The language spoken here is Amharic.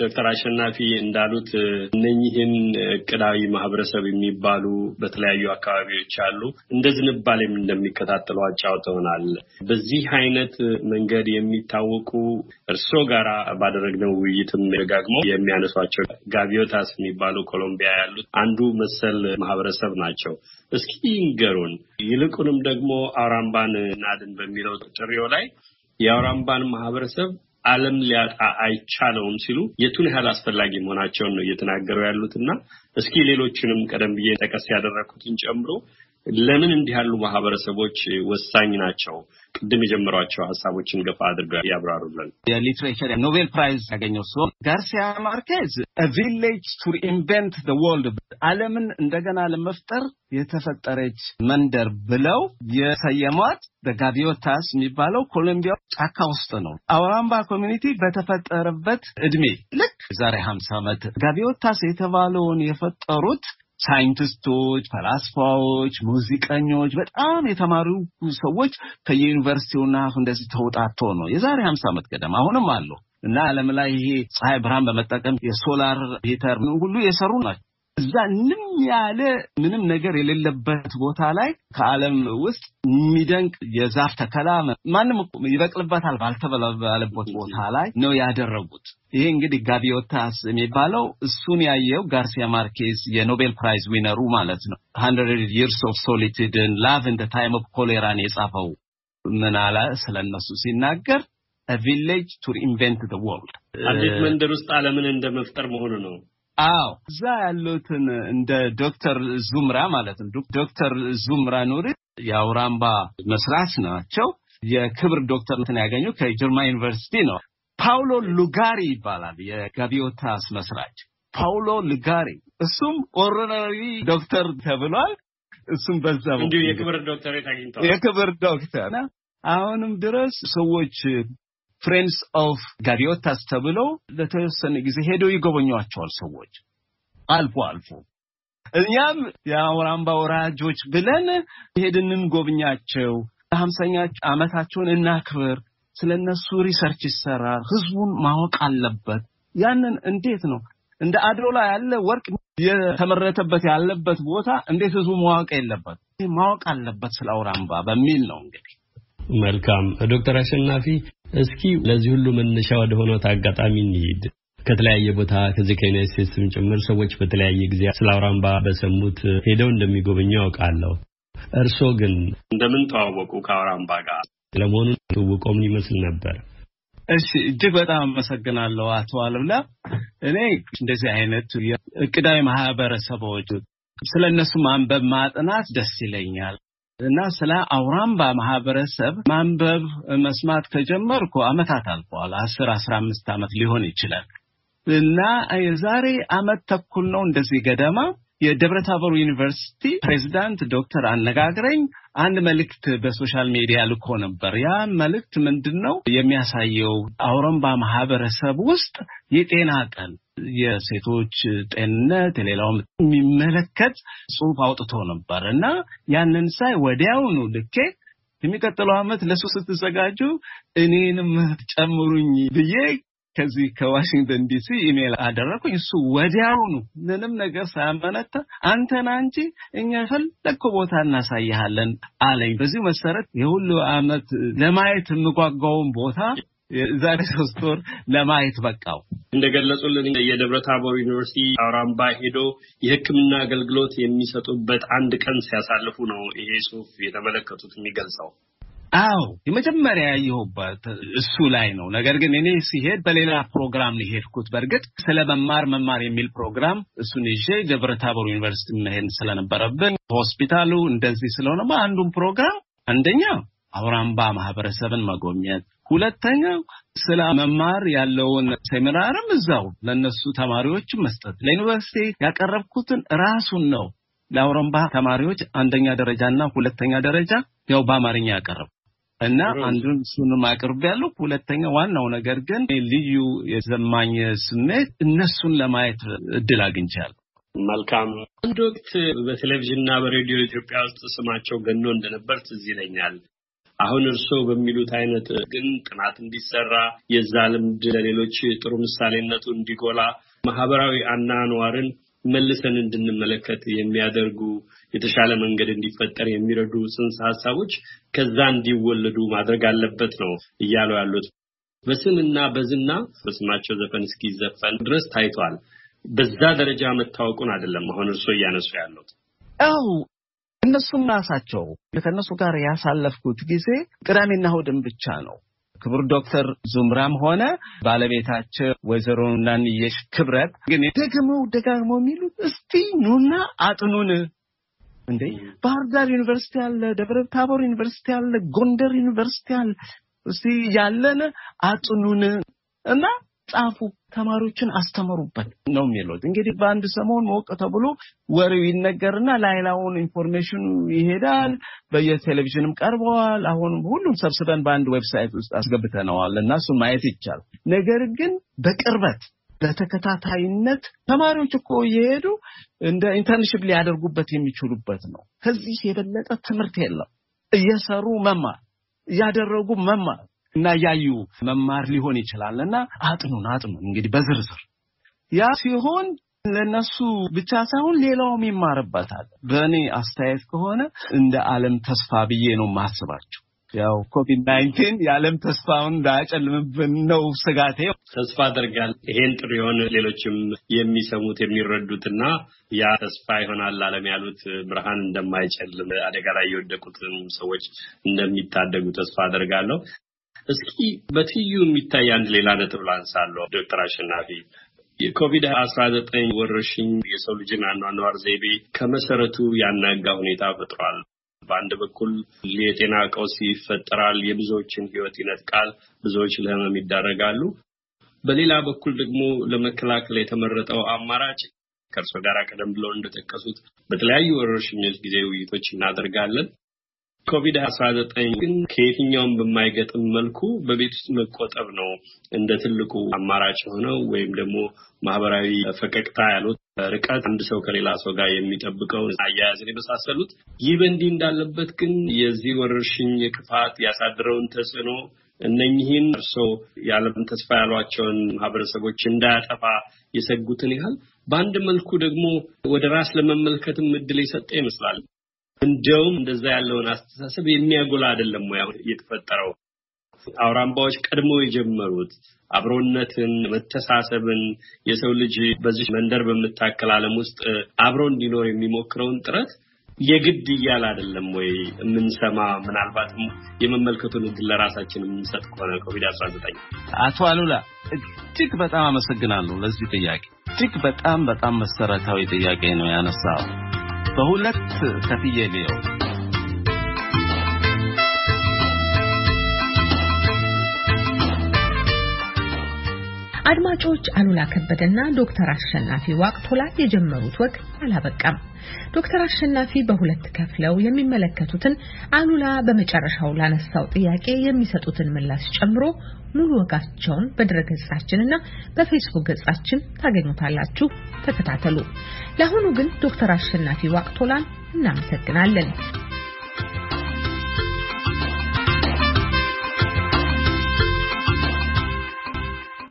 ዶክተር አሸናፊ እንዳሉት እነኚህን እቅዳዊ ማህበረሰብ የሚባሉ በተለያዩ አካባቢዎች አሉ። እንደ ዝንባሌም እንደሚከታተሉ አጫውተውናል። በዚህ አይነት መንገድ የሚታወቁ እርስዎ ጋር ባደረግነው ውይይትም ደጋግሞ የሚያነሷቸው ጋቢዮታስ የሚባሉ ኮሎምቢያ ያሉት አንዱ መሰል ማህበረሰብ ናቸው። እስኪ ይንገሩን። ይልቁንም ደግሞ አውራምባን እናድን በሚለው ጥሪው ላይ የአውራምባን ማህበረሰብ ዓለም ሊያጣ አይቻለውም ሲሉ የቱን ያህል አስፈላጊ መሆናቸውን ነው እየተናገሩ ያሉትና እስኪ ሌሎችንም ቀደም ብዬ ጠቀስ ያደረግኩትን ጨምሮ ለምን እንዲህ ያሉ ማህበረሰቦች ወሳኝ ናቸው? ቅድም የጀመሯቸው ሀሳቦችን ገፋ አድርገው ያብራሩልን። የሊትሬቸር ኖቤል ፕራይዝ ያገኘው ሲሆን ጋርሲያ ማርኬዝ ቪሌጅ ቱ ኢንቨንት ወርልድ ዓለምን እንደገና ለመፍጠር የተፈጠረች መንደር ብለው የሰየሟት በጋቢዮታስ የሚባለው ኮሎምቢያ ጫካ ውስጥ ነው። አውራምባ ኮሚኒቲ በተፈጠረበት እድሜ ልክ ዛሬ ሀምሳ ዓመት ጋቢዮታስ የተባለውን የፈጠሩት ሳይንቲስቶች፣ ፈላስፋዎች፣ ሙዚቀኞች በጣም የተማሩ ሰዎች ከየዩኒቨርሲቲውና እንደዚህ ተውጣቶ ነው የዛሬ ሀምሳ ዓመት ገደማ አሁንም አለው እና ዓለም ላይ ይሄ ፀሐይ ብርሃን በመጠቀም የሶላር ሂተር ሁሉ የሰሩ ናቸው። እዛ ንም ያለ ምንም ነገር የሌለበት ቦታ ላይ ከዓለም ውስጥ የሚደንቅ የዛፍ ተከላ ማንም ይበቅልበታል ባልተባለበት ቦታ ላይ ነው ያደረጉት። ይሄ እንግዲህ ጋቪዮታስ የሚባለው እሱን ያየው ጋርሲያ ማርኬዝ የኖቤል ፕራይዝ ዊነሩ ማለት ነው ሀንድሬድ ይርስ ኦፍ ሶሊቲድን ላቭ እንደ ታይም ኦፍ ኮሌራን የጻፈው ምን አለ ስለነሱ ሲናገር ቪሌጅ ቱ ኢንቨንት ደ ወርልድ አዲስ መንደር ውስጥ ዓለምን እንደ መፍጠር መሆኑ ነው። አዎ እዛ ያሉትን እንደ ዶክተር ዙምራ ማለት ነው። ዶክተር ዙምራ ኑሪ የአውራምባ መስራች ናቸው። የክብር ዶክተርነትን ያገኙ ከጅርማ ዩኒቨርሲቲ ነው። ፓውሎ ሉጋሪ ይባላል። የጋቢዮታ መስራች ፓውሎ ሉጋሪ። እሱም ኦሮነሪ ዶክተር ተብሏል። እሱም በዛ እንዲሁ የክብር ዶክተር አግኝተዋል። የክብር ዶክተር አሁንም ድረስ ሰዎች ፍሬንድስ ኦፍ ጋቢዮታስ ተብለው ለተወሰነ ጊዜ ሄደው ይጎበኟቸዋል። ሰዎች አልፎ አልፎ እኛም የአውራምባ ወራጆች ብለን ሄድን ጎብኛቸው ለሀምሳኛ ዓመታቸውን እናክብር ስለ እነሱ ሪሰርች ይሰራል። ህዝቡን ማወቅ አለበት። ያንን እንዴት ነው እንደ አድሮላ ያለ ወርቅ የተመረተበት ያለበት ቦታ እንዴት ህዝቡ ማወቅ የለበት ማወቅ አለበት ስለ አውራምባ በሚል ነው እንግዲህ። መልካም ዶክተር አሸናፊ እስኪ ለዚህ ሁሉ መነሻ ወደ ሆነት አጋጣሚ እንሂድ። ከተለያየ ቦታ ከዚህ ከዩናይት ስቴትስም ጭምር ሰዎች በተለያየ ጊዜ ስለ አውራምባ በሰሙት ሄደው እንደሚጎበኙ ያውቃለሁ። እርስዎ ግን እንደምን ተዋወቁ ከአውራምባ ጋር? ለመሆኑ ትውቆም ሊመስል ነበር። እሺ እጅግ በጣም አመሰግናለሁ አቶ አለምላ። እኔ እንደዚህ አይነት እቅዳዊ ማህበረሰቦች ስለ እነሱ ማንበብ ማጥናት ደስ ይለኛል እና ስለ አውራምባ ማህበረሰብ ማንበብ መስማት ከጀመርኩ አመታት አልፈዋል። አስር አስራ አምስት አመት ሊሆን ይችላል እና የዛሬ አመት ተኩል ነው እንደዚህ ገደማ የደብረ ታቦር ዩኒቨርሲቲ ፕሬዚዳንት ዶክተር አነጋግረኝ አንድ መልእክት በሶሻል ሚዲያ ልኮ ነበር። ያ መልእክት ምንድን ነው የሚያሳየው? አውረምባ ማህበረሰብ ውስጥ የጤና ቀን የሴቶች ጤንነት የሌላውም የሚመለከት ጽሁፍ አውጥቶ ነበር እና ያንን ሳይ ወዲያውኑ ልኬ የሚቀጥለው ዓመት ለሱ ስትዘጋጁ እኔንም ጨምሩኝ ብዬ ከዚህ ከዋሽንግተን ዲሲ ኢሜል አደረኩኝ። እሱ ወዲያውኑ ምንም ነገር ሳያመነታ አንተና እንጂ እኛ የፈለግከው ቦታ እናሳይሃለን አለኝ። በዚህ መሰረት የሁሉ አመት ለማየት የምጓጓውን ቦታ የዛሬ ሶስት ወር ለማየት በቃው። እንደገለጹልን የደብረ ታቦር ዩኒቨርሲቲ አውራምባ ሄዶ የሕክምና አገልግሎት የሚሰጡበት አንድ ቀን ሲያሳልፉ ነው ይሄ ጽሁፍ የተመለከቱት የሚገልጸው። አዎ የመጀመሪያ ያየሁበት እሱ ላይ ነው። ነገር ግን እኔ ሲሄድ በሌላ ፕሮግራም ሄድኩት በእርግጥ ስለ መማር መማር የሚል ፕሮግራም እሱን ይዤ ደብረ ዩኒቨርሲቲ መሄድ ስለነበረብን ሆስፒታሉ እንደዚህ ስለሆነ አንዱን ፕሮግራም አንደኛ አውራምባ ማህበረሰብን መጎብኘት፣ ሁለተኛው ስለ መማር ያለውን ሴሚናርም እዛው ለእነሱ ተማሪዎች መስጠት። ለዩኒቨርሲቲ ያቀረብኩትን ራሱን ነው ለአውራምባ ተማሪዎች አንደኛ ደረጃ እና ሁለተኛ ደረጃ ያው በአማርኛ ያቀረቡ እና አንዱን እሱንም አቅርብ ያለው ሁለተኛ ዋናው ነገር ግን ልዩ የዘማኝ ስሜት እነሱን ለማየት እድል አግኝቻለሁ። መልካም። አንድ ወቅት በቴሌቪዥንና በሬዲዮ ኢትዮጵያ ውስጥ ስማቸው ገኖ እንደነበር ትዝ ይለኛል። አሁን እርስዎ በሚሉት አይነት ግን ጥናት እንዲሰራ የዛ ልምድ ለሌሎች ጥሩ ምሳሌነቱ እንዲጎላ ማህበራዊ አናኗርን መልሰን እንድንመለከት የሚያደርጉ የተሻለ መንገድ እንዲፈጠር የሚረዱ ጽንሰ ሀሳቦች ከዛ እንዲወለዱ ማድረግ አለበት ነው እያሉ ያሉት። በስምና በዝና በስማቸው ዘፈን እስኪዘፈን ድረስ ታይቷል። በዛ ደረጃ መታወቁን አይደለም አሁን እርስዎ እያነሱ ያሉት። አዎ እነሱም ራሳቸው ከእነሱ ጋር ያሳለፍኩት ጊዜ ቅዳሜና እሑድን ብቻ ነው። ክቡር ዶክተር ዙምራም ሆነ ባለቤታቸው ወይዘሮ ናንየሽ ክብረት ግን ደግመው ደጋግመው የሚሉት እስቲ ኑና አጥኑን እንዴ ባህር ዳር ዩኒቨርሲቲ አለ፣ ደብረ ታቦር ዩኒቨርሲቲ አለ፣ ጎንደር ዩኒቨርሲቲ አለ። እስቲ ያለን አጥኑን እና ጻፉ፣ ተማሪዎችን አስተምሩበት ነው የሚሉት። እንግዲህ በአንድ ሰሞን ሞቅ ተብሎ ወሬው ይነገርና ላይላውን ኢንፎርሜሽኑ ይሄዳል። በየቴሌቪዥንም ቀርበዋል። አሁን ሁሉም ሰብስበን በአንድ ዌብሳይት ውስጥ አስገብተነዋል እና እሱን ማየት ይቻላል። ነገር ግን በቅርበት በተከታታይነት ተማሪዎች እኮ እየሄዱ እንደ ኢንተርንሽፕ ሊያደርጉበት የሚችሉበት ነው። ከዚህ የበለጠ ትምህርት የለም። እየሰሩ መማር፣ እያደረጉ መማር እና እያዩ መማር ሊሆን ይችላል እና አጥኑን አጥኑ እንግዲህ በዝርዝር ያ ሲሆን ለነሱ ብቻ ሳይሆን ሌላውም ይማርበታል። በእኔ አስተያየት ከሆነ እንደ ዓለም ተስፋ ብዬ ነው የማስባቸው። ያው ኮቪድ ናይንቲን የዓለም ተስፋውን እንዳያጨልምብን ነው ስጋቴ። ተስፋ አደርጋለሁ ይሄን ጥሩ የሆነ ሌሎችም የሚሰሙት የሚረዱትና ያ ተስፋ ይሆናል ዓለም ያሉት ብርሃን እንደማይጨልም አደጋ ላይ የወደቁትን ሰዎች እንደሚታደጉ ተስፋ አደርጋለሁ። እስኪ በትዩ የሚታይ አንድ ሌላ ነጥብ ላንሳለሁ። ዶክተር አሸናፊ የኮቪድ አስራ ዘጠኝ ወረርሽኝ የሰው ልጅን አኗኗር ዘይቤ ከመሰረቱ ያናጋ ሁኔታ ፈጥሯል። በአንድ በኩል የጤና ቀውስ ይፈጠራል፣ የብዙዎችን ህይወት ይነጥቃል፣ ብዙዎች ለህመም ይዳረጋሉ። በሌላ በኩል ደግሞ ለመከላከል የተመረጠው አማራጭ ከእርሶ ጋር ቀደም ብለው እንደጠቀሱት በተለያዩ ወረርሽኞች ጊዜ ውይይቶች እናደርጋለን ኮቪድ አስራ ዘጠኝ ግን ከየትኛውም በማይገጥም መልኩ በቤት ውስጥ መቆጠብ ነው እንደ ትልቁ አማራጭ የሆነው ወይም ደግሞ ማህበራዊ ፈቀቅታ ያሉት ርቀት አንድ ሰው ከሌላ ሰው ጋር የሚጠብቀው አያያዝን የመሳሰሉት። ይህ በእንዲህ እንዳለበት ግን የዚህ ወረርሽኝ ክፋት ያሳድረውን ተጽዕኖ እነኚህን እርሶ የዓለም ተስፋ ያሏቸውን ማህበረሰቦች እንዳያጠፋ የሰጉትን ያህል በአንድ መልኩ ደግሞ ወደ ራስ ለመመልከትም እድል የሰጠ ይመስላል። እንደውም እንደዛ ያለውን አስተሳሰብ የሚያጎላ አይደለም ወይ አሁን የተፈጠረው? አውራምባዎች ቀድሞ የጀመሩት አብሮነትን፣ መተሳሰብን የሰው ልጅ በዚህ መንደር በምታከል ዓለም ውስጥ አብሮ እንዲኖር የሚሞክረውን ጥረት የግድ እያለ አይደለም ወይ የምንሰማ? ምናልባት የመመልከቱን እድል ለራሳችን የምንሰጥ ከሆነ ኮቪድ አስራ ዘጠኝ አቶ አሉላ እጅግ በጣም አመሰግናለሁ ለዚህ ጥያቄ። እጅግ በጣም በጣም መሰረታዊ ጥያቄ ነው ያነሳው። በሁለት ከፍዬ ልየው። አድማጮች አሉላ ከበደና ዶክተር አሸናፊ ዋቅቶላ የጀመሩት ወግ አላበቃም። ዶክተር አሸናፊ በሁለት ከፍለው የሚመለከቱትን አሉላ በመጨረሻው ላነሳው ጥያቄ የሚሰጡትን ምላሽ ጨምሮ ሙሉ ወጋቸውን በድረ ገጻችንና በፌስቡክ ገጻችን ታገኙታላችሁ። ተከታተሉ። ለአሁኑ ግን ዶክተር አሸናፊ ዋቅቶላን እናመሰግናለን።